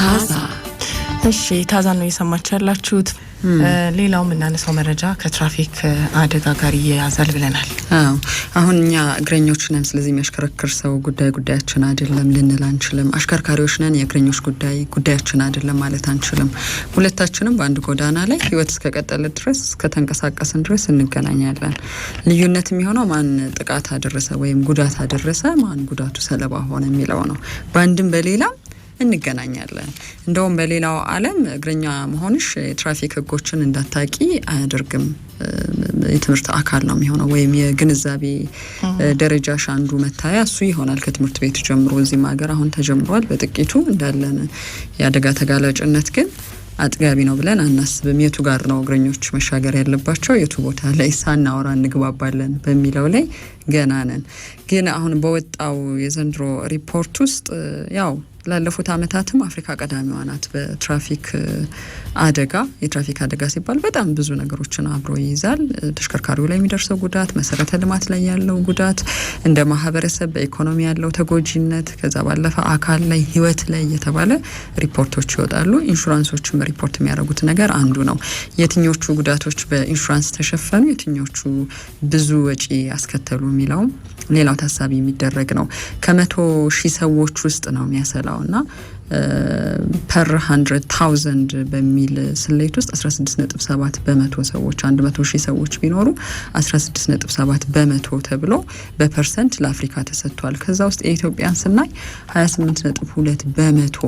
ታዛ። እሺ ታዛ ነው እየሰማች ያላችሁት። ሌላው የምናነሳው መረጃ ከትራፊክ አደጋ ጋር ይያዛል ብለናል። አዎ አሁን እኛ እግረኞች ነን፣ ስለዚህ የሚያሽከረክር ሰው ጉዳይ ጉዳያችን አይደለም ልንል አንችልም። አሽከርካሪዎች ነን፣ የእግረኞች ጉዳይ ጉዳያችን አይደለም ማለት አንችልም። ሁለታችንም በአንድ ጎዳና ላይ ህይወት እስከቀጠለ ድረስ እስከተንቀሳቀስን ድረስ እንገናኛለን። ልዩነት የሚሆነው ማን ጥቃት አደረሰ ወይም ጉዳት አደረሰ፣ ማን ጉዳቱ ሰለባ ሆነ የሚለው ነው። በአንድም በሌላም እንገናኛለን። እንደውም በሌላው ዓለም እግረኛ መሆንሽ የትራፊክ ህጎችን እንዳታቂ አያደርግም። የትምህርት አካል ነው የሚሆነው፣ ወይም የግንዛቤ ደረጃሽ አንዱ መታያ እሱ ይሆናል። ከትምህርት ቤት ጀምሮ እዚህም ሀገር አሁን ተጀምሯል በጥቂቱ እንዳለን። የአደጋ ተጋላጭነት ግን አጥጋቢ ነው ብለን አናስብም። የቱ ጋር ነው እግረኞች መሻገር ያለባቸው የቱ ቦታ ላይ ሳናወራ እንግባባለን በሚለው ላይ ገና ነን። ግን አሁን በወጣው የዘንድሮ ሪፖርት ውስጥ ያው ላለፉት አመታትም አፍሪካ ቀዳሚዋ ናት በትራፊክ አደጋ። የትራፊክ አደጋ ሲባል በጣም ብዙ ነገሮችን አብሮ ይይዛል። ተሽከርካሪው ላይ የሚደርሰው ጉዳት፣ መሰረተ ልማት ላይ ያለው ጉዳት፣ እንደ ማህበረሰብ በኢኮኖሚ ያለው ተጎጂነት፣ ከዛ ባለፈ አካል ላይ ህይወት ላይ የተባለ ሪፖርቶች ይወጣሉ። ኢንሹራንሶችም ሪፖርት የሚያደርጉት ነገር አንዱ ነው። የትኞቹ ጉዳቶች በኢንሹራንስ ተሸፈኑ፣ የትኞቹ ብዙ ወጪ ያስከተሉ የሚለውም ሌላው ታሳቢ የሚደረግ ነው። ከመቶ ሺህ ሰዎች ውስጥ ነው የሚያሰላው እና ፐር 100 ታውዘንድ በሚል ስሌት ውስጥ 16.7 በመቶ ሰዎች 1 100 ሺህ ሰዎች ቢኖሩ 16.7 በመቶ ተብሎ በፐርሰንት ለአፍሪካ ተሰጥቷል። ከዛ ውስጥ የኢትዮጵያን ስናይ 28.2 በመቶ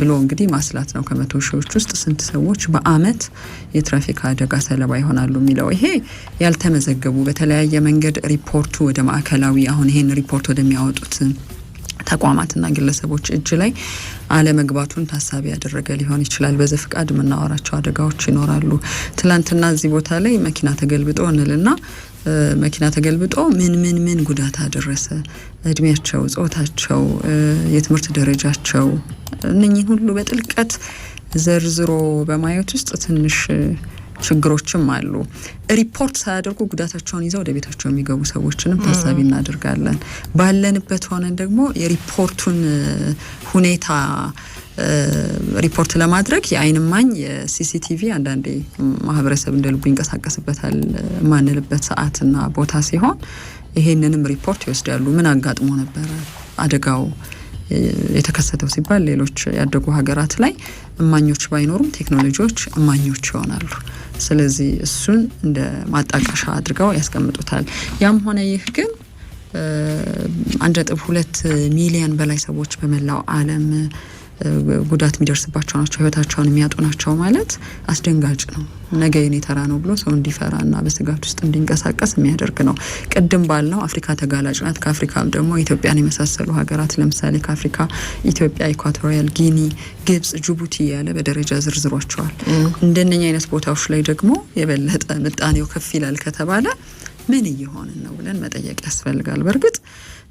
ብሎ እንግዲህ ማስላት ነው። ከመቶ ሺዎች ውስጥ ስንት ሰዎች በአመት የትራፊክ አደጋ ሰለባ ይሆናሉ የሚለው ይሄ ያልተመዘገቡ በተለያየ መንገድ ሪፖርቱ ወደ ማዕከላዊ አሁን ይሄን ሪፖርት ወደሚያወጡት ተቋማትና ግለሰቦች እጅ ላይ አለመግባቱን ታሳቢ ያደረገ ሊሆን ይችላል። በዘፈቃድ የምናወራቸው አደጋዎች ይኖራሉ። ትላንትና እዚህ ቦታ ላይ መኪና ተገልብጦ እንልና መኪና ተገልብጦ ምን ምን ምን ጉዳት አደረሰ፣ እድሜያቸው፣ ጾታቸው፣ የትምህርት ደረጃቸው እነኚህን ሁሉ በጥልቀት ዘርዝሮ በማየት ውስጥ ትንሽ ችግሮችም አሉ። ሪፖርት ሳያደርጉ ጉዳታቸውን ይዘው ወደ ቤታቸው የሚገቡ ሰዎችንም ታሳቢ እናደርጋለን። ባለንበት ሆነን ደግሞ የሪፖርቱን ሁኔታ ሪፖርት ለማድረግ የአይን ማኝ የሲሲቲቪ አንዳንዴ ማህበረሰብ እንደ ልቡ ይንቀሳቀስበታል የማንልበት ሰዓትና ቦታ ሲሆን ይሄንንም ሪፖርት ይወስዳሉ። ምን አጋጥሞ ነበረ አደጋው የተከሰተው ሲባል ሌሎች ያደጉ ሀገራት ላይ እማኞች ባይኖሩም ቴክኖሎጂዎች እማኞች ይሆናሉ። ስለዚህ እሱን እንደ ማጣቀሻ አድርገው ያስቀምጡታል። ያም ሆነ ይህ ግን አንድ ነጥብ ሁለት ሚሊዮን በላይ ሰዎች በመላው ዓለም ጉዳት የሚደርስባቸው ናቸው፣ ህይወታቸውን የሚያጡ ናቸው ማለት አስደንጋጭ ነው። ነገ የኔ ተራ ነው ብሎ ሰው እንዲፈራና በስጋት ውስጥ እንዲንቀሳቀስ የሚያደርግ ነው። ቅድም ባልነው አፍሪካ ተጋላጭ ናት። ከአፍሪካም ደግሞ ኢትዮጵያን የመሳሰሉ ሀገራት ለምሳሌ ከአፍሪካ ኢትዮጵያ፣ ኢኳቶሪያል ጊኒ፣ ግብጽ፣ ጅቡቲ እያለ በደረጃ ዝርዝሯቸዋል። እንደነኛ አይነት ቦታዎች ላይ ደግሞ የበለጠ ምጣኔው ከፍ ይላል ከተባለ ምን እየሆንን ነው ብለን መጠየቅ ያስፈልጋል። በእርግጥ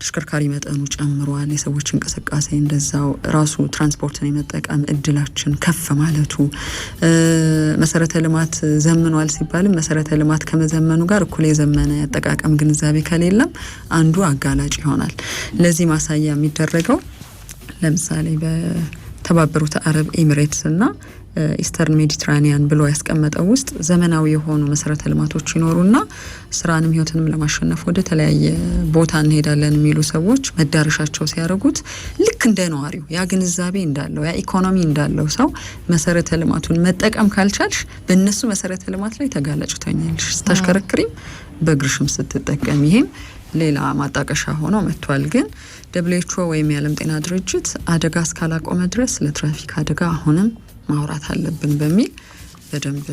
ተሽከርካሪ መጠኑ ጨምሯል። የሰዎች እንቅስቃሴ እንደዛው ራሱ ትራንስፖርትን የመጠቀም እድላችን ከፍ ማለቱ መሰረተ ልማት ዘምኗል ሲባልም መሰረተ ልማት ከመዘመኑ ጋር እኩል የዘመነ አጠቃቀም ግንዛቤ ከሌለም አንዱ አጋላጭ ይሆናል። ለዚህ ማሳያ የሚደረገው ለምሳሌ በተባበሩት አረብ ኤሚሬትስ እና ኢስተርን ሜዲትራኒያን ብሎ ያስቀመጠው ውስጥ ዘመናዊ የሆኑ መሰረተ ልማቶች ይኖሩና ስራንም ህይወትንም ለማሸነፍ ወደ ተለያየ ቦታ እንሄዳለን የሚሉ ሰዎች መዳረሻቸው ሲያደርጉት ልክ እንደ ነዋሪው ያ ግንዛቤ እንዳለው ያ ኢኮኖሚ እንዳለው ሰው መሰረተ ልማቱን መጠቀም ካልቻልሽ በእነሱ መሰረተ ልማት ላይ ተጋለጭ ተኛልሽ ስታሽከረክሪም በእግርሽም ስትጠቀም ይሄም ሌላ ማጣቀሻ ሆኖ መጥቷል። ግን ደብሊው ኤች ኦ ወይም የዓለም ጤና ድርጅት አደጋ እስካላቆመ ድረስ ለትራፊክ አደጋ አሁንም ማውራት አለብን በሚል በደንብ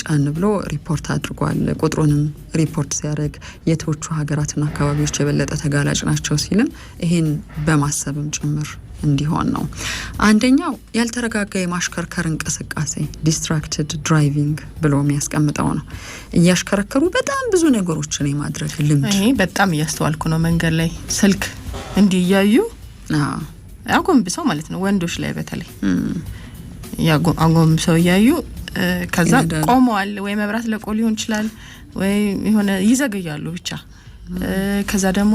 ጫን ብሎ ሪፖርት አድርጓል። ቁጥሩንም ሪፖርት ሲያደርግ የቶቹ ሀገራትና አካባቢዎች የበለጠ ተጋላጭ ናቸው ሲልም ይሄን በማሰብም ጭምር እንዲሆን ነው። አንደኛው ያልተረጋጋ የማሽከርከር እንቅስቃሴ ዲስትራክትድ ድራይቪንግ ብሎ የሚያስቀምጠው ነው። እያሽከረከሩ በጣም ብዙ ነገሮችን የማድረግ ልምድ እኔ በጣም እያስተዋልኩ ነው። መንገድ ላይ ስልክ እንዲያዩ አጎንብሰው ማለት ነው ወንዶች ላይ በተለይ አጎንብሰው እያዩ ከዛ ቆመዋል። ወይ መብራት ለቆ ሊሆን ይችላል ወይ የሆነ ይዘገያሉ ብቻ። ከዛ ደግሞ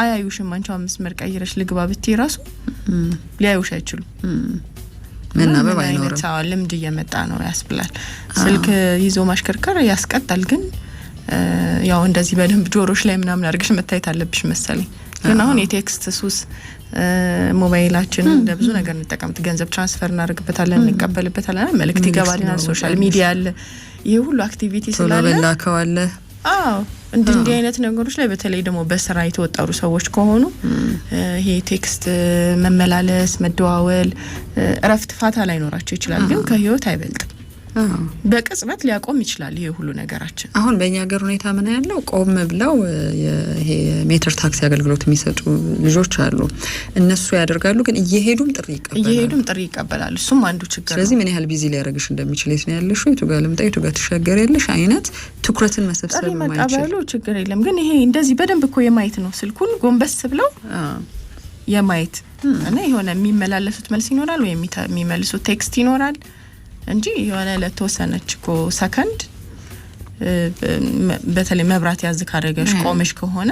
አያዩሽም። አንቺ አምስት መስመር ቀይረሽ ልግባ ብትይ ራሱ ሊያዩሽ አይችሉም። መናበብ አይኖርም። ልምድ እየመጣ ነው ያስብላል። ስልክ ይዞ ማሽከርከር ያስቀጣል፣ ግን ያው እንደዚህ በደንብ ጆሮሽ ላይ ምናምን አድርገሽ መታየት አለብሽ መሰለኝ። ግን አሁን የቴክስት ሱስ ሞባይላችንን ለብዙ ነገር እንጠቀምት፣ ገንዘብ ትራንስፈር እናደርግበታለን፣ እንቀበልበታለን፣ መልእክት ይገባልናል፣ ሶሻል ሚዲያ አለ። ይህ ሁሉ አክቲቪቲ ስላለ አዎ እንዲህ እንዲህ አይነት ነገሮች ላይ በተለይ ደግሞ በስራ የተወጠሩ ሰዎች ከሆኑ ይሄ ቴክስት መመላለስ፣ መደዋወል እረፍት ፋታ ላይኖራቸው ይችላል፣ ግን ከህይወት አይበልጥም። በቅጽበት ሊያቆም ይችላል ይሄ ሁሉ ነገራችን። አሁን በእኛ ሀገር ሁኔታ ምን ያለው ቆም ብለው ይሄ ሜትር ታክሲ አገልግሎት የሚሰጡ ልጆች አሉ። እነሱ ያደርጋሉ፣ ግን እየሄዱም ጥሪ ይቀበላሉ እየሄዱም ጥሪ ይቀበላሉ። እሱም አንዱ ችግር። ስለዚህ ምን ያህል ቢዚ ሊያደርግሽ እንደሚችል የት ነው ያለሽው፣ የቱ ጋር ልምጣ፣ የቱ ጋር ትሻገር ያለሽ አይነት ትኩረትን መሰብሰብ ጥሪ ችግር የለም ግን ይሄ እንደዚህ በደንብ እኮ የማየት ነው ስልኩን ጎንበስ ብለው የማየት እና የሆነ የሚመላለሱት መልስ ይኖራል ወይ የሚመልሱት ቴክስት ይኖራል። እንጂ የሆነ ለተወሰነች እኮ ሰከንድ በተለይ መብራት ያዝ ካደረገሽ ቆመሽ ከሆነ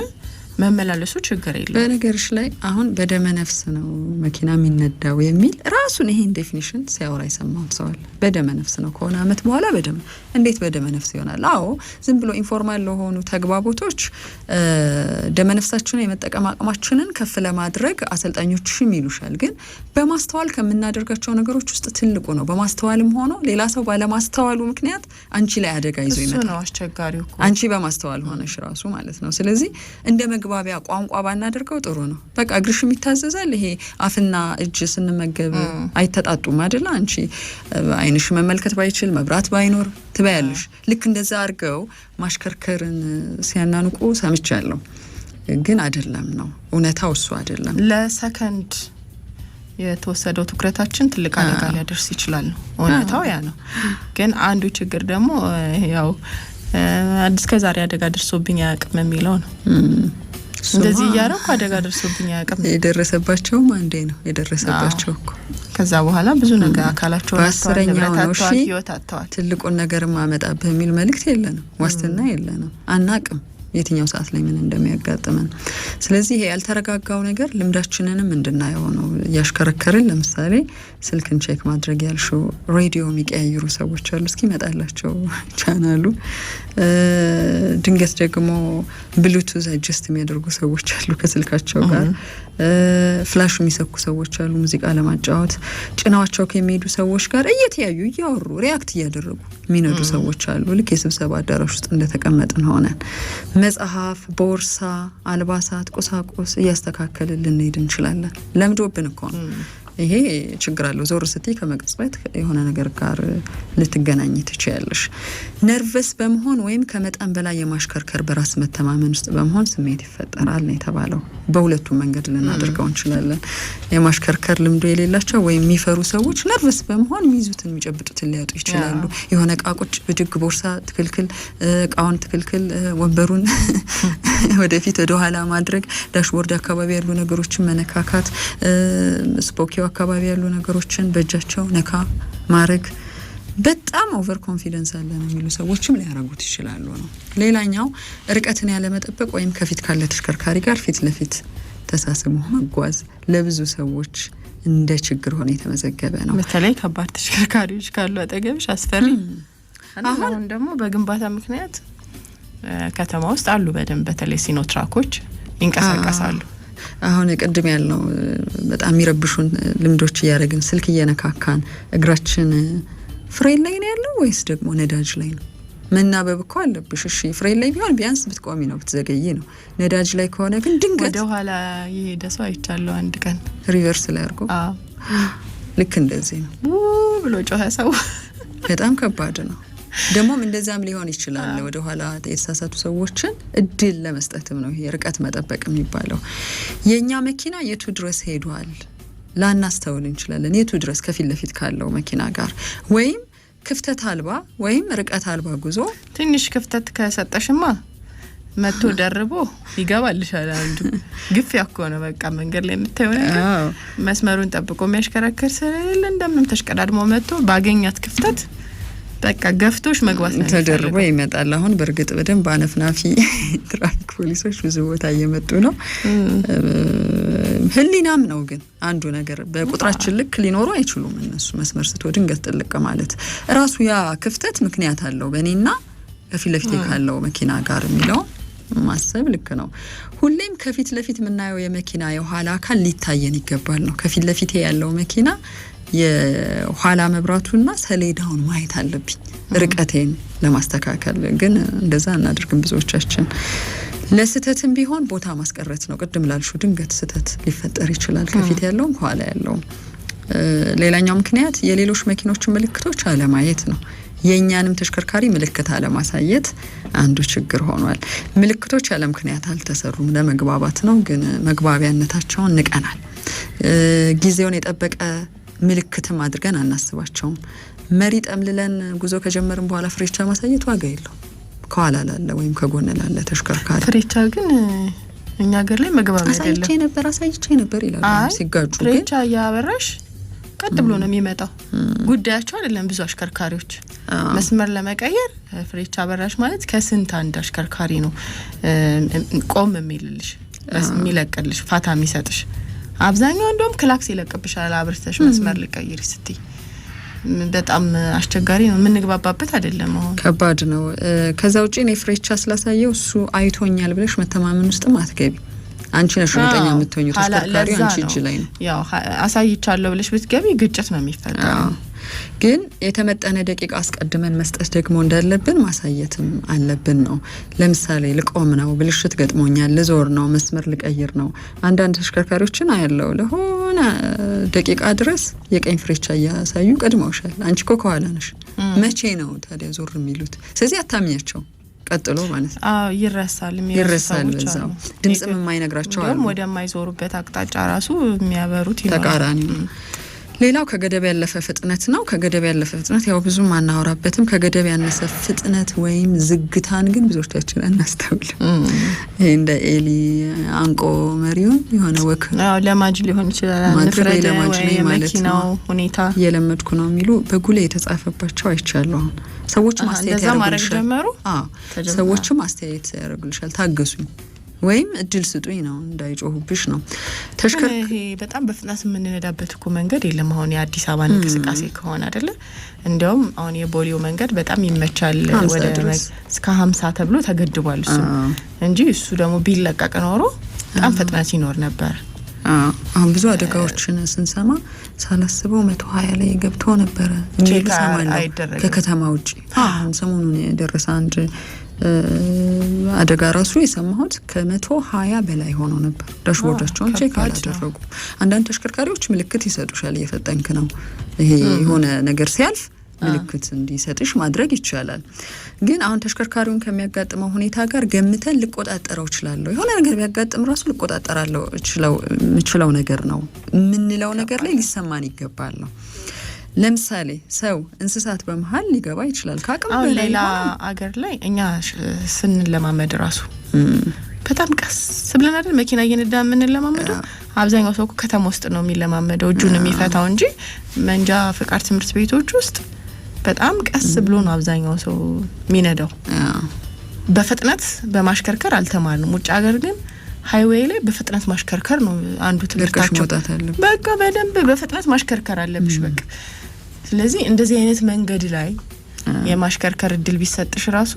መመላለሱ ችግር የለም። በነገርሽ ላይ አሁን በደመ ነፍስ ነው መኪና የሚነዳው የሚል ራሱን ይሄን ዴፊኒሽን ሲያወራ የሰማሁት ሰዋል። በደመ ነፍስ ነው ከሆነ አመት በኋላ በደመ እንዴት በደመ ነፍስ ይሆናል? አዎ ዝም ብሎ ኢንፎርማል ለሆኑ ተግባቦቶች ደመ ነፍሳችን የመጠቀም አቅማችንን ከፍ ለማድረግ አሰልጣኞችም ይሉሻል። ግን በማስተዋል ከምናደርጋቸው ነገሮች ውስጥ ትልቁ ነው። በማስተዋልም ሆኖ ሌላ ሰው ባለማስተዋሉ ምክንያት አንቺ ላይ አደጋ ይዞ ይመጣል። አንቺ በማስተዋል ሆነሽ ራሱ ማለት ነው። ስለዚህ እንደ መግባቢያ ቋንቋ ባናደርገው ጥሩ ነው። በቃ እግርሽም ይታዘዛል። ይሄ አፍና እጅ ስንመገብ አይተጣጡም አይደለ? አንቺ አይንሽ መመልከት ባይችል መብራት ባይኖር ትበያለሽ። ልክ እንደዛ አድርገው ማሽከርከርን ሲያናንቁ ሰምቻለሁ። ግን አይደለም ነው እውነታው፣ እሱ አይደለም። ለሰከንድ የተወሰደው ትኩረታችን ትልቅ አደጋ ሊያደርስ ይችላል ነው እውነታው፣ ያ ነው። ግን አንዱ ችግር ደግሞ ያው እስከ ዛሬ አደጋ ደርሶብኝ አያውቅም የሚለው ነው። እንደዚህ እያደረኩ አደጋ ደርሶብኝ አያውቅም። የደረሰባቸውም አንዴ ነው የደረሰባቸው እኮ። ከዛ በኋላ ብዙ ነገር አካላቸው በአስረኛው ነው እሺ፣ ትልቁን ነገር ማመጣብህ የሚል መልእክት የለንም፣ ነው፣ ዋስትና አናቅም የትኛው ሰዓት ላይ ምን እንደሚያጋጥመን። ስለዚህ ይሄ ያልተረጋጋው ነገር ልምዳችንንም እንድናየው ነው እያሽከረከርን። ለምሳሌ ስልክን ቼክ ማድረግ ያልሽው፣ ሬዲዮ የሚቀያይሩ ሰዎች አሉ እስኪመጣላቸው ቻናሉ። ድንገት ደግሞ ብሉቱዝ አጀስት የሚያደርጉ ሰዎች አሉ ከስልካቸው ጋር። ፍላሽ የሚሰኩ ሰዎች አሉ ሙዚቃ ለማጫወት ጭናዋቸው ከሚሄዱ ሰዎች ጋር እየተያዩ እያወሩ ሪያክት እያደረጉ የሚነዱ ሰዎች አሉ። ልክ የስብሰባ አዳራሽ ውስጥ እንደተቀመጥን ሆነን መጽሐፍ፣ ቦርሳ፣ አልባሳት፣ ቁሳቁስ እያስተካከልን ልንሄድ እንችላለን። ለምዶብን እኮ ነው። ይሄ ችግር አለው። ዞር ስትይ ከመቅጽበት የሆነ ነገር ጋር ልትገናኝ ትችያለሽ። ነርቨስ በመሆን ወይም ከመጠን በላይ የማሽከርከር በራስ መተማመን ውስጥ በመሆን ስሜት ይፈጠራል ነው የተባለው። በሁለቱም መንገድ ልናደርገው እንችላለን። የማሽከርከር ልምዶ የሌላቸው ወይም የሚፈሩ ሰዎች ነርቨስ በመሆን የሚይዙትን የሚጨብጡትን ሊያጡ ይችላሉ። የሆነ እቃ ቁጭ ብድግ፣ ቦርሳ ትክልክል እቃውን ትክልክል ወንበሩን ወደፊት ወደኋላ ማድረግ፣ ዳሽቦርድ አካባቢ ያሉ ነገሮችን መነካካት ስፖኪ እጃቸው አካባቢ ያሉ ነገሮችን በእጃቸው ነካ ማድረግ በጣም ኦቨር ኮንፊደንስ አለ ነው የሚሉ ሰዎችም ሊያረጉት ይችላሉ ነው። ሌላኛው ርቀትን ያለመጠበቅ ወይም ከፊት ካለ ተሽከርካሪ ጋር ፊት ለፊት ተሳስሞ መጓዝ ለብዙ ሰዎች እንደ ችግር ሆነ የተመዘገበ ነው። በተለይ ከባድ ተሽከርካሪዎች ካሉ አጠገብሽ አስፈሪ። አሁን ደግሞ በግንባታ ምክንያት ከተማ ውስጥ አሉ በደንብ በተለይ ትራኮች ይንቀሳቀሳሉ። አሁን ቅድም ያልነው በጣም የሚረብሹን ልምዶች እያደረግን ስልክ እየነካካን እግራችን ፍሬን ላይ ነው ያለው ወይስ ደግሞ ነዳጅ ላይ ነው? መናበብ እኮ አለብሽ። እሺ ፍሬን ላይ ቢሆን ቢያንስ ብትቆሚ ነው ብትዘገይ ነው። ነዳጅ ላይ ከሆነ ግን ድንገት ወደኋላ የሄደ ሰው አይቻለሁ። አንድ ቀን ሪቨርስ ላይ አድርጎ ልክ እንደዚህ ነው ብሎ ጮኸ ሰው። በጣም ከባድ ነው። ደግሞም እንደዛም ሊሆን ይችላል ወደኋላ የተሳሳቱ ሰዎችን እድል ለመስጠትም ነው ይሄ ርቀት መጠበቅ የሚባለው። የእኛ መኪና የቱ ድረስ ሄዷል ላናስተውል እንችላለን። የቱ ድረስ ከፊት ለፊት ካለው መኪና ጋር ወይም ክፍተት አልባ ወይም ርቀት አልባ ጉዞ ትንሽ ክፍተት ከሰጠሽማ መቶ ደርቦ ይገባልሻል። አንዱ ግፊያ እኮ ነው። በቃ መንገድ ላይ የምታየው ነገር መስመሩን ጠብቆ የሚያሽከረክር ስለሌለ እንደምንም ተሽቀዳድሞ መጥቶ ባገኛት ክፍተት በቃ ገፍቶች መግባት ነው ተደርቦ ይመጣል። አሁን በእርግጥ በደንብ አነፍናፊ ትራፊክ ፖሊሶች ብዙ ቦታ እየመጡ ነው። ህሊናም ነው ግን አንዱ ነገር በቁጥራችን ልክ ሊኖሩ አይችሉም እነሱ መስመር ስቶ ድንገት ጥልቅ ማለት እራሱ ያ ክፍተት ምክንያት አለው በእኔና ከፊት ለፊት ካለው መኪና ጋር የሚለው ማሰብ ልክ ነው። ሁሌም ከፊት ለፊት የምናየው የመኪና የኋላ አካል ሊታየን ይገባል ነው ከፊት ለፊቴ ያለው መኪና የኋላ መብራቱና ሰሌዳውን ማየት አለብኝ ርቀቴን ለማስተካከል። ግን እንደዛ እናድርግም ብዙዎቻችን ለስህተትም ቢሆን ቦታ ማስቀረት ነው። ቅድም ላልሹ ድንገት ስህተት ሊፈጠር ይችላል፣ ከፊት ያለውም ከኋላ ያለውም። ሌላኛው ምክንያት የሌሎች መኪኖችን ምልክቶች አለማየት ነው። የእኛንም ተሽከርካሪ ምልክት አለማሳየት አንዱ ችግር ሆኗል። ምልክቶች ያለ ምክንያት አልተሰሩም፣ ለመግባባት ነው። ግን መግባቢያነታቸውን ንቀናል። ጊዜውን የጠበቀ ምልክትም አድርገን አናስባቸውም። መሪ ጠምልለን ጉዞ ከጀመርን በኋላ ፍሬቻ ማሳየት ዋጋ የለው። ከኋላ ላለ ወይም ከጎን ላለ ተሽከርካሪ ፍሬቻ ግን እኛ ሀገር ላይ መግባብ አሳይቼ ነበር አሳይቼ ነበር ይላሉ ሲጋጩ። ፍሬቻ እያበራሽ ቀጥ ብሎ ነው የሚመጣው። ጉዳያቸው አይደለም። ብዙ አሽከርካሪዎች መስመር ለመቀየር ፍሬቻ በራሽ ማለት ከስንት አንድ አሽከርካሪ ነው ቆም የሚልልሽ የሚለቅልሽ ፋታ የሚሰጥሽ አብዛኛው እንደውም ክላክስ ይለቅብሻል አብርተሽ መስመር ልቀይር ስትይ በጣም አስቸጋሪ ነው። የምንግባባበት አይደለም። አሁን ከባድ ነው። ከዛ ውጭ እኔ ፍሬቻ ስላሳየው እሱ አይቶኛል ብለሽ መተማመን ውስጥም አትገቢ። አንቺ ነሽ እርግጠኛ የምትሆኚው፣ ተሽከርካሪው አንቺ እጅ ላይ ነው። ያው አሳይቻለሁ ብለሽ ብትገቢ ግጭት ነው የሚፈጠረው። ግን የተመጠነ ደቂቃ አስቀድመን መስጠት ደግሞ እንዳለብን ማሳየትም አለብን ነው። ለምሳሌ ልቆም ነው፣ ብልሽት ገጥሞኛል፣ ልዞር ነው፣ መስመር ልቀይር ነው። አንዳንድ ተሽከርካሪዎችን አያለው ለሆነ ደቂቃ ድረስ የቀኝ ፍሬቻ እያሳዩ ቀድመውሻል፣ አንቺ እኮ ከኋላ ነሽ። መቼ ነው ታዲያ ዞር የሚሉት? ስለዚህ አታምኛቸው ቀጥሎ ማለት ይረሳል ይረሳል። በዛው ድምፅም የማይነግራቸው ወደማይዞሩበት አቅጣጫ ራሱ የሚያበሩት ተቃራኒ ነው። ሌላው ከገደብ ያለፈ ፍጥነት ነው። ከገደብ ያለፈ ፍጥነት ያው ብዙም አናወራበትም። ከገደብ ያነሰ ፍጥነት ወይም ዝግታን ግን ብዙዎቻችን አናስተውልም። ይሄ እንደ ኤሊ አንቆ መሪውን የሆነ ወክ ለማጅ ሊሆን ይችላል ለማጅ ማለት ነው ሁኔታ እየለመድኩ ነው የሚሉ በጉሌ የተጻፈባቸው አይቻለሁ። አሁን ሰዎችም አስተያየት ያደርጉልሻል። ሰዎችም አስተያየት ያደርጉልሻል። ታገሱኝ ወይም እድል ስጡኝ ነው፣ እንዳይጮሁብሽ ነው። ተሽከርካሪ በጣም በፍጥነት የምንነዳበት እኮ መንገድ የለም። አሁን የአዲስ አበባ እንቅስቃሴ ከሆነ አደለ፣ እንዲያውም አሁን የቦሌው መንገድ በጣም ይመቻል። ወደ እስከ ሀምሳ ተብሎ ተገድቧል እሱ እንጂ እሱ ደግሞ ቢለቀቅ ኖሮ በጣም ፍጥነት ይኖር ነበር። አሁን ብዙ አደጋዎችን ስንሰማ ሳላስበው መቶ ሀያ ላይ ገብቶ ነበረ ከከተማ ውጭ። አሁን ሰሞኑን የደረሰ አንድ አደጋ ራሱ የሰማሁት ከመቶ ሀያ በላይ ሆኖ ነበር። ዳሽቦርዳቸውን ቼክ አላደረጉ። አንዳንድ ተሽከርካሪዎች ምልክት ይሰጡሻል እየፈጠንክ ነው፣ ይሄ የሆነ ነገር ሲያልፍ ምልክት እንዲሰጥሽ ማድረግ ይቻላል። ግን አሁን ተሽከርካሪውን ከሚያጋጥመው ሁኔታ ጋር ገምተን ልቆጣጠረው እችላለሁ፣ የሆነ ነገር ቢያጋጥም ራሱ ልቆጣጠራለሁ የምችለው ነገር ነው የምንለው ነገር ላይ ሊሰማን ይገባል ነው ለምሳሌ ሰው እንስሳት በመሀል ሊገባ ይችላል። ከአቅም በላይ ሌላ አገር ላይ እኛ ስንለማመድ ራሱ በጣም ቀስ ብለን አይደል መኪና እየነዳ የምንለማመደው። አብዛኛው ሰው ከተማ ውስጥ ነው የሚለማመደው እጁን የሚፈታው እንጂ መንጃ ፍቃድ ትምህርት ቤቶች ውስጥ በጣም ቀስ ብሎ ነው አብዛኛው ሰው የሚነዳው። በፍጥነት በማሽከርከር አልተማርንም። ውጭ ሀገር ግን ሀይዌይ ላይ በፍጥነት ማሽከርከር ነው አንዱ ትምህርታቸው። በቃ በደንብ በፍጥነት ማሽከርከር አለብሽ በቃ ስለዚህ እንደዚህ አይነት መንገድ ላይ የማሽከርከር እድል ቢሰጥሽ ራሱ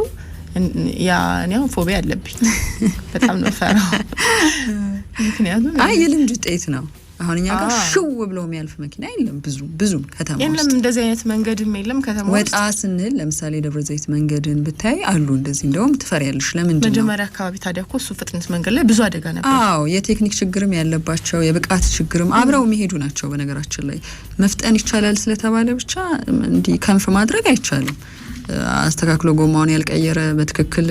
ያኔው ፎቢያ አለብኝ። በጣም ነው ፈራው። ምክንያቱም አይ የልምድ ውጤት ነው። አሁን እኛ ጋር ሽው ብሎ የሚያልፍ መኪና የለም። ብዙ ብዙ ከተማ የለም፣ እንደዚህ አይነት መንገድም የለም። ከተማ ወጣ ስንል ለምሳሌ ደብረ ዘይት መንገድን ብታይ አሉ እንደዚህ። እንደውም ትፈሪያለሽ። ለምን ነው መጀመሪያ አካባቢ ታዲያ እኮ እሱ ፍጥነት መንገድ ላይ ብዙ አደጋ ነበር። አዎ፣ የቴክኒክ ችግርም ያለባቸው የብቃት ችግርም አብረው የሚሄዱ ናቸው። በነገራችን ላይ መፍጠን ይቻላል ስለተባለ ብቻ እንዲህ ከንፍ ማድረግ አይቻልም። አስተካክሎ ጎማውን ያልቀየረ በትክክል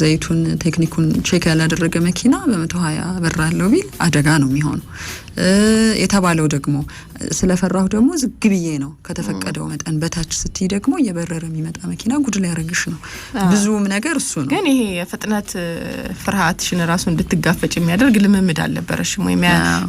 ዘይቱን ቴክኒኩን ቼክ ያላደረገ መኪና በመቶ ሀያ በራለው ቢል አደጋ ነው የሚሆነው። የተባለው ደግሞ ስለፈራሁ ደግሞ ዝግ ብዬ ነው። ከተፈቀደው መጠን በታች ስትይ ደግሞ እየበረረ የሚመጣ መኪና ጉድ ሊያደርግሽ ነው። ብዙም ነገር እሱ ነው። ግን ይሄ የፍጥነት ፍርሃትሽን ራሱ እንድትጋፈጭ የሚያደርግ ልምምድ አልነበረሽም ወይም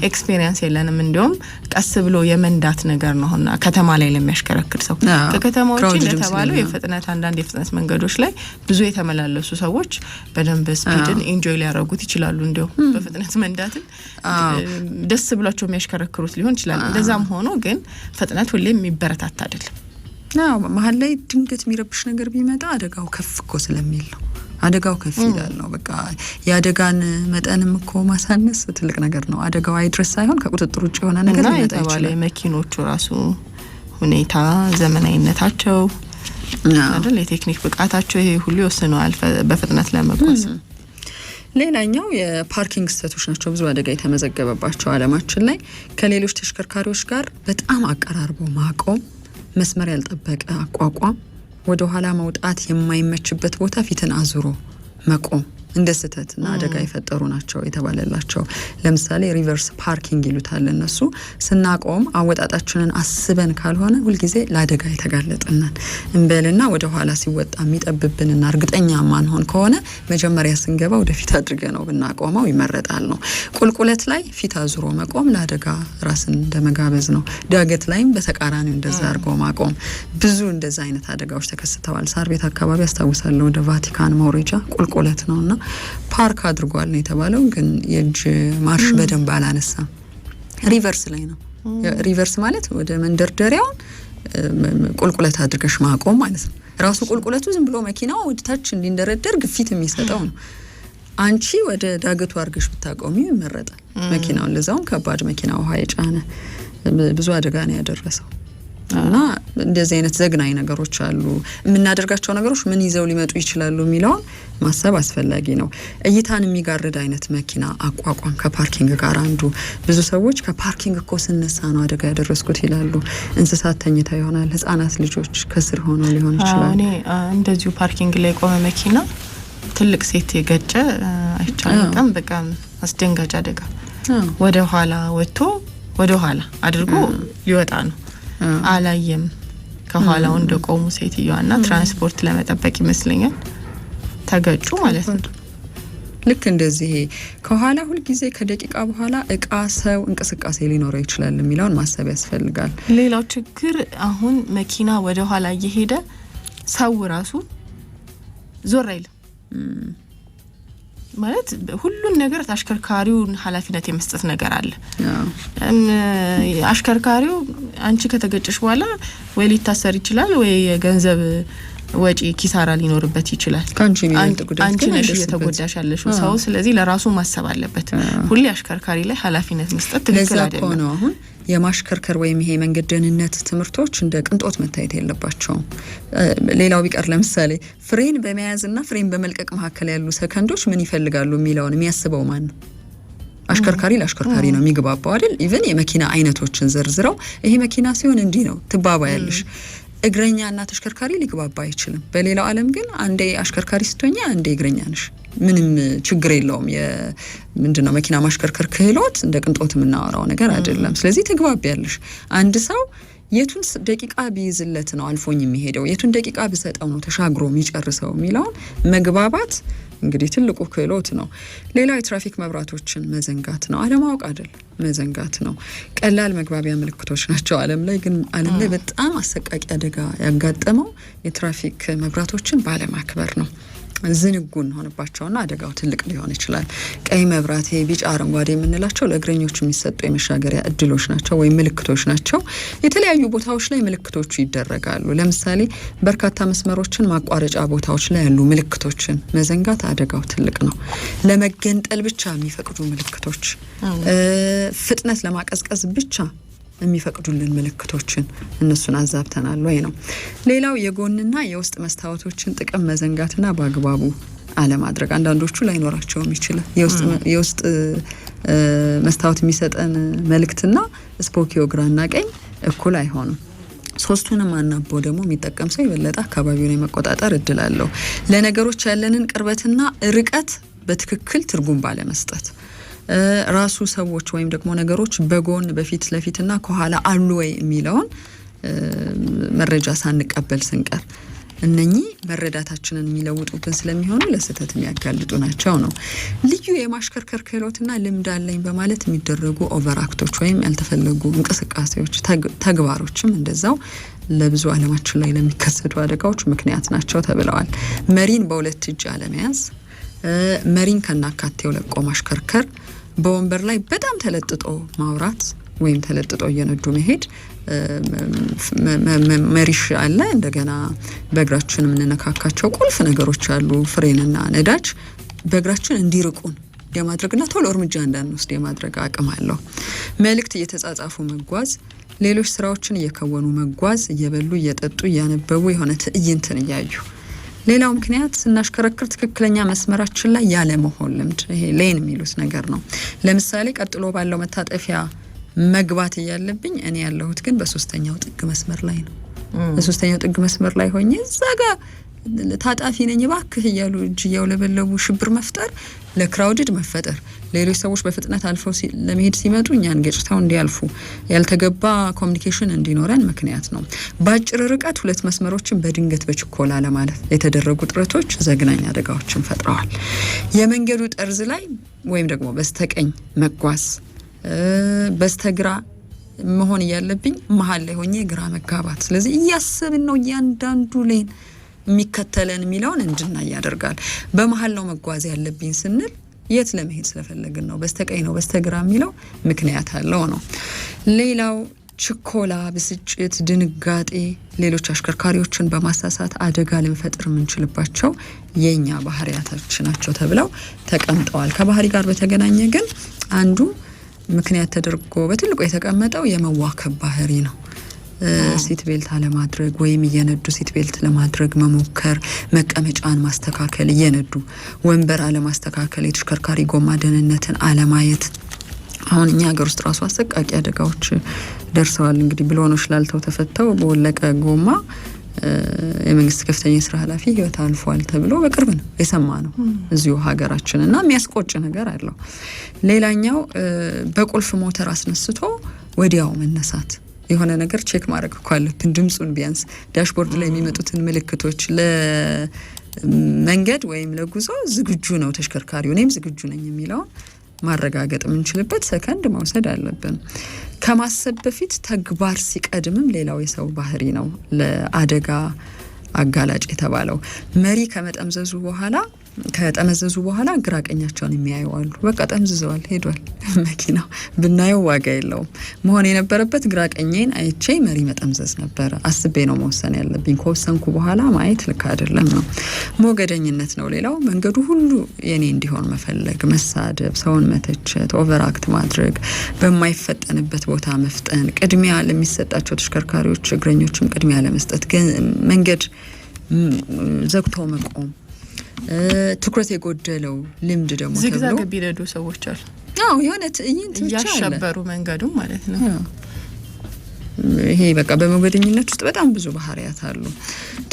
ኤክስፔሪንስ የለንም። እንዲሁም ቀስ ብሎ የመንዳት ነገር ነው እና ከተማ ላይ ለሚያሽከረክር ሰው ከከተማዎች እንደተባለው የፍጥነት አንዳንድ የፍጥነት መንገዶች ላይ ብዙ የተመላለሱ ሰዎች በደንብ ስፒድን ኢንጆይ ሊያደርጉት ይችላሉ። እንዲሁም በፍጥነት መንዳትን ደስ ብላቸው የሚያሽከረክሩት ሊሆን ይችላል። እንደዛም ሆኖ ግን ፍጥነት ሁሌም የሚበረታታ አይደለም። አዎ መሀል ላይ ድንገት የሚረብሽ ነገር ቢመጣ አደጋው ከፍ እኮ ስለሚል ነው። አደጋው ከፍ ይላል ነው በቃ። የአደጋን መጠንም እኮ ማሳነስ ትልቅ ነገር ነው። አደጋው አይድረስ ሳይሆን ከቁጥጥር ውጭ የሆነ ነገር ሊመጣ ይችላል። የመኪኖቹ ራሱ ሁኔታ ዘመናዊነታቸው አይደል፣ የቴክኒክ ብቃታቸው ይሄ ሁሉ ይወስነዋል በፍጥነት ለመጓዝ ሌላኛው የፓርኪንግ ስተቶች ናቸው። ብዙ አደጋ የተመዘገበባቸው አለማችን ላይ ከሌሎች ተሽከርካሪዎች ጋር በጣም አቀራርቦ ማቆም፣ መስመር ያልጠበቀ አቋቋም፣ ወደ ኋላ መውጣት የማይመችበት ቦታ ፊትን አዙሮ መቆም እንደ እና አደጋ የፈጠሩ ናቸው የተባለላቸው። ለምሳሌ ሪቨርስ ፓርኪንግ ይሉታል እነሱ። ስናቆም አወጣጣችንን አስበን ካልሆነ ሁልጊዜ ለአደጋ የተጋለጥነን እንበልና ወደ ኋላ ሲወጣ የሚጠብብንና እርግጠኛ ማንሆን ከሆነ መጀመሪያ ስንገባ ወደፊት አድርገ ነው ብናቆመው ይመረጣል ነው። ቁልቁለት ላይ ፊት አዙሮ መቆም ለአደጋ ራስን እንደመጋበዝ ነው። ዳገት ላይም በተቃራኒው እንደዛ አድርጎ ማቆም። ብዙ እንደዛ አይነት አደጋዎች ተከስተዋል። ሳር ቤት አካባቢ አስታውሳለሁ። ወደ ቫቲካን መውረጃ ቁልቁለት ነውና ፓርክ አድርጓል ነው የተባለው። ግን የእጅ ማርሽ በደንብ አላነሳም። ሪቨርስ ላይ ነው። ሪቨርስ ማለት ወደ መንደርደሪያውን ቁልቁለት አድርገሽ ማቆም ማለት ነው። ራሱ ቁልቁለቱ ዝም ብሎ መኪናው ወደ ታች እንዲንደረደር ግፊት የሚሰጠው ነው። አንቺ ወደ ዳገቱ አድርገሽ ብታቆሚ ይመረጣል መኪናውን። ለዛውም ከባድ መኪና ውሃ የጫነ ብዙ አደጋ ነው ያደረሰው። እና እንደዚህ አይነት ዘግናኝ ነገሮች አሉ። የምናደርጋቸው ነገሮች ምን ይዘው ሊመጡ ይችላሉ የሚለውን ማሰብ አስፈላጊ ነው። እይታን የሚጋርድ አይነት መኪና አቋቋም ከፓርኪንግ ጋር አንዱ ብዙ ሰዎች ከፓርኪንግ እኮ ስነሳ ነው አደጋ ያደረስኩት ይላሉ። እንስሳት ተኝታ ይሆናል፣ ህጻናት ልጆች ከስር ሆነው ሊሆን ይችላል። እኔ እንደዚሁ ፓርኪንግ ላይ የቆመ መኪና ትልቅ ሴት የገጨ አይቻል። በጣም አስደንጋጭ አደጋ። ወደ ኋላ ወጥቶ ወደ ኋላ አድርጎ ሊወጣ ነው አላየም። ከኋላው እንደቆሙ ና ትራንስፖርት ለመጠበቅ ይመስለኛል ተገጩ ማለት ነው። ልክ እንደዚህ ከኋላ ሁልጊዜ ከደቂቃ በኋላ እቃ፣ ሰው እንቅስቃሴ ሊኖረው ይችላል የሚለውን ማሰብ ያስፈልጋል። ሌላው ችግር አሁን መኪና ወደ ኋላ እየሄደ ሰው ራሱ ዞር አይልም። ማለት ሁሉን ነገር አሽከርካሪውን ኃላፊነት የመስጠት ነገር አለ። አሽከርካሪው አንቺ ከተገጨሽ በኋላ ወይ ሊታሰር ይችላል ወይ የገንዘብ ወጪ ኪሳራ ሊኖርበት ይችላል። አንቺ ነሽ እየተጎዳሽ ያለሽ ሰው። ስለዚህ ለራሱ ማሰብ አለበት። ሁሌ አሽከርካሪ ላይ ኃላፊነት መስጠት ትክክል አይደለም። አሁን የማሽከርከር ወይም ይሄ መንገድ ደህንነት ትምህርቶች እንደ ቅንጦት መታየት የለባቸውም። ሌላው ቢቀር ለምሳሌ ፍሬን በመያዝና ፍሬን በመልቀቅ መካከል ያሉ ሰከንዶች ምን ይፈልጋሉ የሚለውን የሚያስበው ማን ነው? አሽከርካሪ ለአሽከርካሪ ነው የሚግባባው አይደል? ኢቨን የመኪና አይነቶችን ዘርዝረው ይሄ መኪና ሲሆን እንዲህ ነው ትባባ ያለሽ እግረኛና ተሽከርካሪ ሊግባባ አይችልም። በሌላው ዓለም ግን አንዴ አሽከርካሪ ስትሆኛ አንዴ እግረኛ ነሽ፣ ምንም ችግር የለውም። ምንድነው መኪና ማሽከርከር ክህሎት እንደ ቅንጦት የምናወራው ነገር አይደለም። ስለዚህ ትግባቢያለሽ። አንድ ሰው የቱን ደቂቃ ቢይዝለት ነው አልፎኝ የሚሄደው፣ የቱን ደቂቃ ብሰጠው ነው ተሻግሮ የሚጨርሰው የሚለውን መግባባት እንግዲህ ትልቁ ክህሎት ነው። ሌላ የትራፊክ መብራቶችን መዘንጋት ነው። አለማወቅ አይደል፣ መዘንጋት ነው። ቀላል መግባቢያ ምልክቶች ናቸው። አለም ላይ ግን አለም ላይ በጣም አሰቃቂ አደጋ ያጋጠመው የትራፊክ መብራቶችን ባለማክበር ነው። ዝንጉን ሆንባቸውና አደጋው ትልቅ ሊሆን ይችላል። ቀይ መብራት፣ ቢጫ፣ አረንጓዴ የምንላቸው ለእግረኞች የሚሰጡ የመሻገሪያ እድሎች ናቸው ወይም ምልክቶች ናቸው። የተለያዩ ቦታዎች ላይ ምልክቶቹ ይደረጋሉ። ለምሳሌ በርካታ መስመሮችን ማቋረጫ ቦታዎች ላይ ያሉ ምልክቶችን መዘንጋት አደጋው ትልቅ ነው። ለመገንጠል ብቻ የሚፈቅዱ ምልክቶች፣ ፍጥነት ለማቀዝቀዝ ብቻ የሚፈቅዱልን ምልክቶችን እነሱን አዛብተናል ወይ ነው። ሌላው የጎንና የውስጥ መስታወቶችን ጥቅም መዘንጋትና በአግባቡ አለማድረግ አንዳንዶቹ ላይኖራቸውም ይችላል። የውስጥ መስታወት የሚሰጠን መልእክትና ስፖኪዮ ግራና ቀኝ እኩል አይሆንም። ሶስቱንም አናቦ ደግሞ የሚጠቀም ሰው የበለጠ አካባቢውን የመቆጣጠር እድል አለው። ለነገሮች ያለንን ቅርበትና ርቀት በትክክል ትርጉም ባለመስጠት ራሱ ሰዎች ወይም ደግሞ ነገሮች በጎን በፊት ለፊትና ከኋላ አሉ ወይ የሚለውን መረጃ ሳንቀበል ስንቀር እነኚህ መረዳታችንን የሚለውጡብን ስለሚሆኑ ለስህተት የሚያጋልጡ ናቸው ነው። ልዩ የማሽከርከር ክህሎትና ልምድ አለኝ በማለት የሚደረጉ ኦቨር አክቶች ወይም ያልተፈለጉ እንቅስቃሴዎች፣ ተግባሮችም እንደዛው ለብዙ አለማችን ላይ ለሚከሰቱ አደጋዎች ምክንያት ናቸው ተብለዋል። መሪን በሁለት እጅ አለመያዝ፣ መሪን ከናካቴው ለቆ ማሽከርከር በወንበር ላይ በጣም ተለጥጦ ማውራት ወይም ተለጥጦ እየነዱ መሄድ መሪሽ አለ። እንደገና በእግራችን የምንነካካቸው ቁልፍ ነገሮች አሉ። ፍሬንና ነዳጅ በእግራችን እንዲርቁን የማድረግና ቶሎ እርምጃ እንዳንወስድ የማድረግ አቅም አለው። መልእክት እየተጻጻፉ መጓዝ፣ ሌሎች ስራዎችን እየከወኑ መጓዝ፣ እየበሉ እየጠጡ እያነበቡ የሆነ ትዕይንትን እያዩ ሌላው ምክንያት ስናሽከረክር ትክክለኛ መስመራችን ላይ ያለ መሆን ልምድ፣ ይሄ ሌን የሚሉት ነገር ነው። ለምሳሌ ቀጥሎ ባለው መታጠፊያ መግባት እያለብኝ እኔ ያለሁት ግን በሶስተኛው ጥግ መስመር ላይ ነው። በሶስተኛው ጥግ መስመር ላይ ሆኜ እዛ ጋር ታጣፊ ነኝ ባክህ እያሉ እጅ እያውለበለቡ ሽብር መፍጠር ለክራውድድ መፈጠር ሌሎች ሰዎች በፍጥነት አልፈው ለመሄድ ሲመጡ እኛን ገጭታው እንዲያልፉ ያልተገባ ኮሚኒኬሽን እንዲኖረን ምክንያት ነው። በአጭር ርቀት ሁለት መስመሮችን በድንገት በችኮላ ለማለት የተደረጉ ጥረቶች ዘግናኝ አደጋዎችን ፈጥረዋል። የመንገዱ ጠርዝ ላይ ወይም ደግሞ በስተቀኝ መጓዝ በስተግራ መሆን እያለብኝ መሀል ላይ ሆኜ ግራ መጋባት። ስለዚህ እያሰብን ነው እያንዳንዱ ሌን የሚከተለን የሚለውን እንድናይ ያደርጋል። በመሀል ነው መጓዝ ያለብኝ ስንል የት ለመሄድ ስለፈለግን ነው። በስተቀኝ ነው በስተግራ የሚለው ምክንያት አለው ነው። ሌላው ችኮላ፣ ብስጭት፣ ድንጋጤ፣ ሌሎች አሽከርካሪዎችን በማሳሳት አደጋ ልንፈጥር የምንችልባቸው የእኛ ባህሪያቶች ናቸው ተብለው ተቀምጠዋል። ከባህሪ ጋር በተገናኘ ግን አንዱ ምክንያት ተደርጎ በትልቁ የተቀመጠው የመዋከብ ባህሪ ነው። ሲት ቤልት አለማድረግ ወይም እየነዱ ሲት ቤልት ለማድረግ መሞከር፣ መቀመጫን ማስተካከል እየነዱ ወንበር አለማስተካከል፣ የተሽከርካሪ ጎማ ደህንነትን አለማየት አሁን እኛ ሀገር ውስጥ ራሱ አሰቃቂ አደጋዎች ደርሰዋል። እንግዲህ ብሎኖች ላልተው ተፈተው በወለቀ ጎማ የመንግስት ከፍተኛ የስራ ኃላፊ ህይወት አልፏል ተብሎ በቅርብ ነው የሰማ ነው እዚሁ ሀገራችን እና የሚያስቆጭ ነገር አለው። ሌላኛው በቁልፍ ሞተር አስነስቶ ወዲያው መነሳት የሆነ ነገር ቼክ ማድረግ እኮ አለብን። ድምፁን ቢያንስ ዳሽቦርድ ላይ የሚመጡትን ምልክቶች ለመንገድ ወይም ለጉዞ ዝግጁ ነው ተሽከርካሪው እኔም ዝግጁ ነኝ የሚለውን ማረጋገጥ የምንችልበት ሰከንድ መውሰድ አለብን። ከማሰብ በፊት ተግባር ሲቀድምም ሌላው የሰው ባህሪ ነው ለአደጋ አጋላጭ የተባለው መሪ ከመጠምዘዙ በኋላ ከጠመዘዙ በኋላ ግራቀኛቸውን የሚያዩ አሉ። በቃ ጠምዝዘዋል፣ ሄዷል መኪናው። ብናየው ዋጋ የለውም። መሆን የነበረበት ግራቀኝን አይቼ መሪ መጠምዘዝ ነበረ። አስቤ ነው መወሰን ያለብኝ። ከወሰንኩ በኋላ ማየት ልክ አይደለም ነው። ሞገደኝነት ነው ሌላው። መንገዱ ሁሉ የኔ እንዲሆን መፈለግ፣ መሳደብ፣ ሰውን መተቸት፣ ኦቨርአክት ማድረግ፣ በማይፈጠንበት ቦታ መፍጠን፣ ቅድሚያ ለሚሰጣቸው ተሽከርካሪዎች፣ እግረኞችም ቅድሚያ ለመስጠት መንገድ ዘግቶ መቆም ትኩረት የጎደለው ልምድ ደግሞ ዝግዛግ ቢረዱ ሰዎች አሉ። አዎ የሆነ ትዕይንት እያሸበሩ መንገዱ ማለት ነው። ይሄ በቃ በመንገደኝነት ውስጥ በጣም ብዙ ባህሪያት አሉ።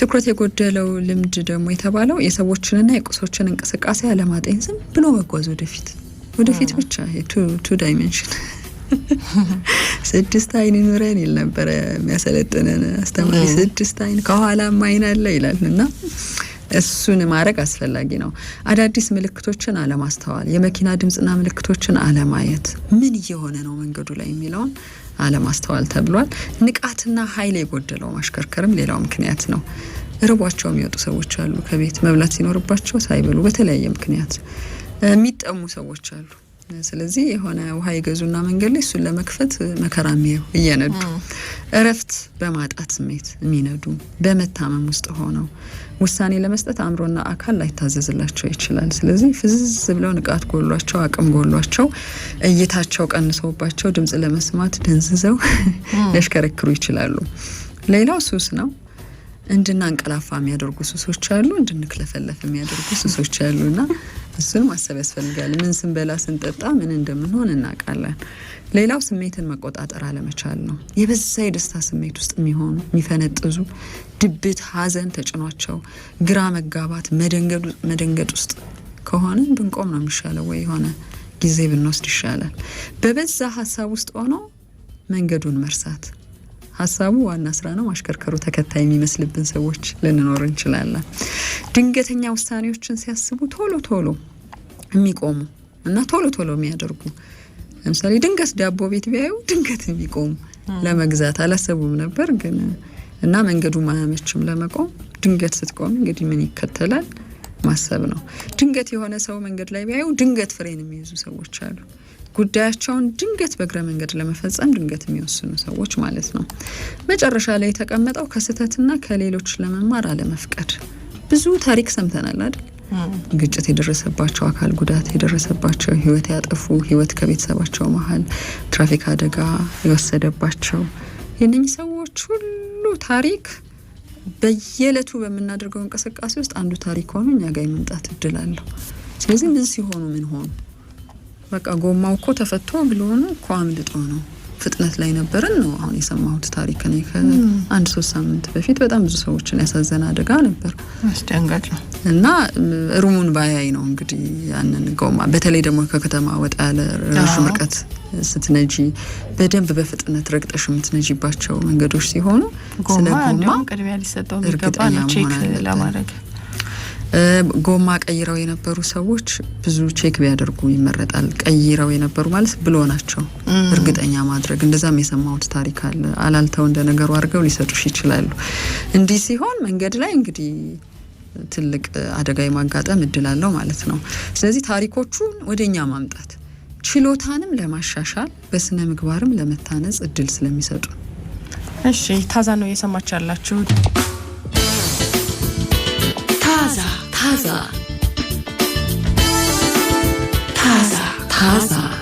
ትኩረት የጎደለው ልምድ ደግሞ የተባለው የሰዎችንና የቁሶችን እንቅስቃሴ አለማጤን፣ ዝም ብሎ መጓዝ ወደፊት ወደፊት ብቻ ቱ ዳይሜንሽን ስድስት አይን ይኑረን ይል ነበረ የሚያሰለጥነን አስተማሪ። ስድስት አይን ከኋላም አይን አለ ይላል እና እሱን ማድረግ አስፈላጊ ነው። አዳዲስ ምልክቶችን አለማስተዋል፣ የመኪና ድምፅና ምልክቶችን አለማየት፣ ምን እየሆነ ነው መንገዱ ላይ የሚለውን አለማስተዋል ተብሏል። ንቃትና ኃይል የጎደለው ማሽከርከርም ሌላው ምክንያት ነው። እርቧቸው የሚወጡ ሰዎች አሉ። ከቤት መብላት ሲኖርባቸው ሳይበሉ በተለያየ ምክንያት የሚጠሙ ሰዎች አሉ። ስለዚህ የሆነ ውሃ የገዙና መንገድ ላይ እሱን ለመክፈት መከራ የሚየው እየነዱ እረፍት በማጣት ስሜት የሚነዱ በመታመም ውስጥ ሆነው ውሳኔ ለመስጠት አእምሮና አካል ላይታዘዝላቸው ይችላል። ስለዚህ ፍዝዝ ብለው ንቃት ጎሏቸው፣ አቅም ጎሏቸው፣ እይታቸው ቀንሰውባቸው ድምጽ ለመስማት ደንዝዘው ሊያሽከረክሩ ይችላሉ። ሌላው ሱስ ነው። እንድናንቀላፋ የሚያደርጉ ሱሶች አሉ፣ እንድንክለፈለፍ የሚያደርጉ ሱሶች አሉና እሱን ማሰብ ያስፈልጋል። ምን ስንበላ ስንጠጣ ምን እንደምንሆን እናውቃለን። ሌላው ስሜትን መቆጣጠር አለመቻል ነው። የበዛ የደስታ ስሜት ውስጥ የሚሆኑ የሚፈነጥዙ፣ ድብት፣ ሀዘን ተጭኗቸው ግራ መጋባት፣ መደንገጥ ውስጥ ከሆነ ብንቆም ነው የሚሻለው፣ ወይ የሆነ ጊዜ ብንወስድ ይሻላል። በበዛ ሀሳብ ውስጥ ሆኖ መንገዱን መርሳት ሀሳቡ ዋና ስራ ነው፣ ማሽከርከሩ ተከታይ የሚመስልብን ሰዎች ልንኖር እንችላለን። ድንገተኛ ውሳኔዎችን ሲያስቡ ቶሎ ቶሎ የሚቆሙ እና ቶሎ ቶሎ የሚያደርጉ ለምሳሌ ድንገት ዳቦ ቤት ቢያዩ ድንገት የሚቆሙ ለመግዛት አላሰቡም ነበር ግን እና መንገዱ ማያመችም ለመቆም ድንገት ስትቆም እንግዲህ ምን ይከተላል ማሰብ ነው። ድንገት የሆነ ሰው መንገድ ላይ ቢያዩ ድንገት ፍሬን የሚይዙ ሰዎች አሉ። ጉዳያቸውን ድንገት በእግረ መንገድ ለመፈጸም ድንገት የሚወስኑ ሰዎች ማለት ነው። መጨረሻ ላይ የተቀመጠው ከስህተትና ከሌሎች ለመማር አለመፍቀድ። ብዙ ታሪክ ሰምተናል አይደል? ግጭት የደረሰባቸው፣ አካል ጉዳት የደረሰባቸው፣ ህይወት ያጠፉ፣ ህይወት ከቤተሰባቸው መሀል፣ ትራፊክ አደጋ የወሰደባቸው የእነኝህ ሰዎች ሁሉ ታሪክ በየእለቱ በምናደርገው እንቅስቃሴ ውስጥ አንዱ ታሪክ ሆኖ እኛ ጋር የመምጣት እድል አለው። ስለዚህ ምን ሲሆኑ ምን ሆኑ በቃ ጎማው እኮ ተፈቶ ብሎሆነ እኮ አምልጦ ነው ፍጥነት ላይ ነበርን ነው አሁን የሰማሁት ታሪክ ነው። ከአንድ ሶስት ሳምንት በፊት በጣም ብዙ ሰዎችን ያሳዘነ አደጋ ነበር። አስደንጋጭ ነው እና ሩሙን ባያይ ነው እንግዲህ ያንን ጎማ በተለይ ደግሞ ከከተማ ወጣ ያለ ረዥም ርቀት ስትነጂ በደንብ በፍጥነት ረግጠሽ የምትነጂባቸው መንገዶች ሲሆኑ ስለ ጎማ ቅድሚያ ሊሰጠው የሚገባ ነው ቼክ ለማድረግ ጎማ ቀይረው የነበሩ ሰዎች ብዙ ቼክ ቢያደርጉ ይመረጣል። ቀይረው የነበሩ ማለት ብሎ ናቸው እርግጠኛ ማድረግ እንደዛም የሰማሁት ታሪክ አለ። አላልተው እንደ ነገሩ አድርገው ሊሰጡሽ ይችላሉ። እንዲህ ሲሆን መንገድ ላይ እንግዲህ ትልቅ አደጋ የማጋጠም እድል አለው ማለት ነው። ስለዚህ ታሪኮቹን ወደኛ ማምጣት ችሎታንም ለማሻሻል በስነ ምግባርም ለመታነጽ እድል ስለሚሰጡ እሺ ታዛ ነው እየሰማች ያላችሁ ታዛ 他啥？他啥？他啥？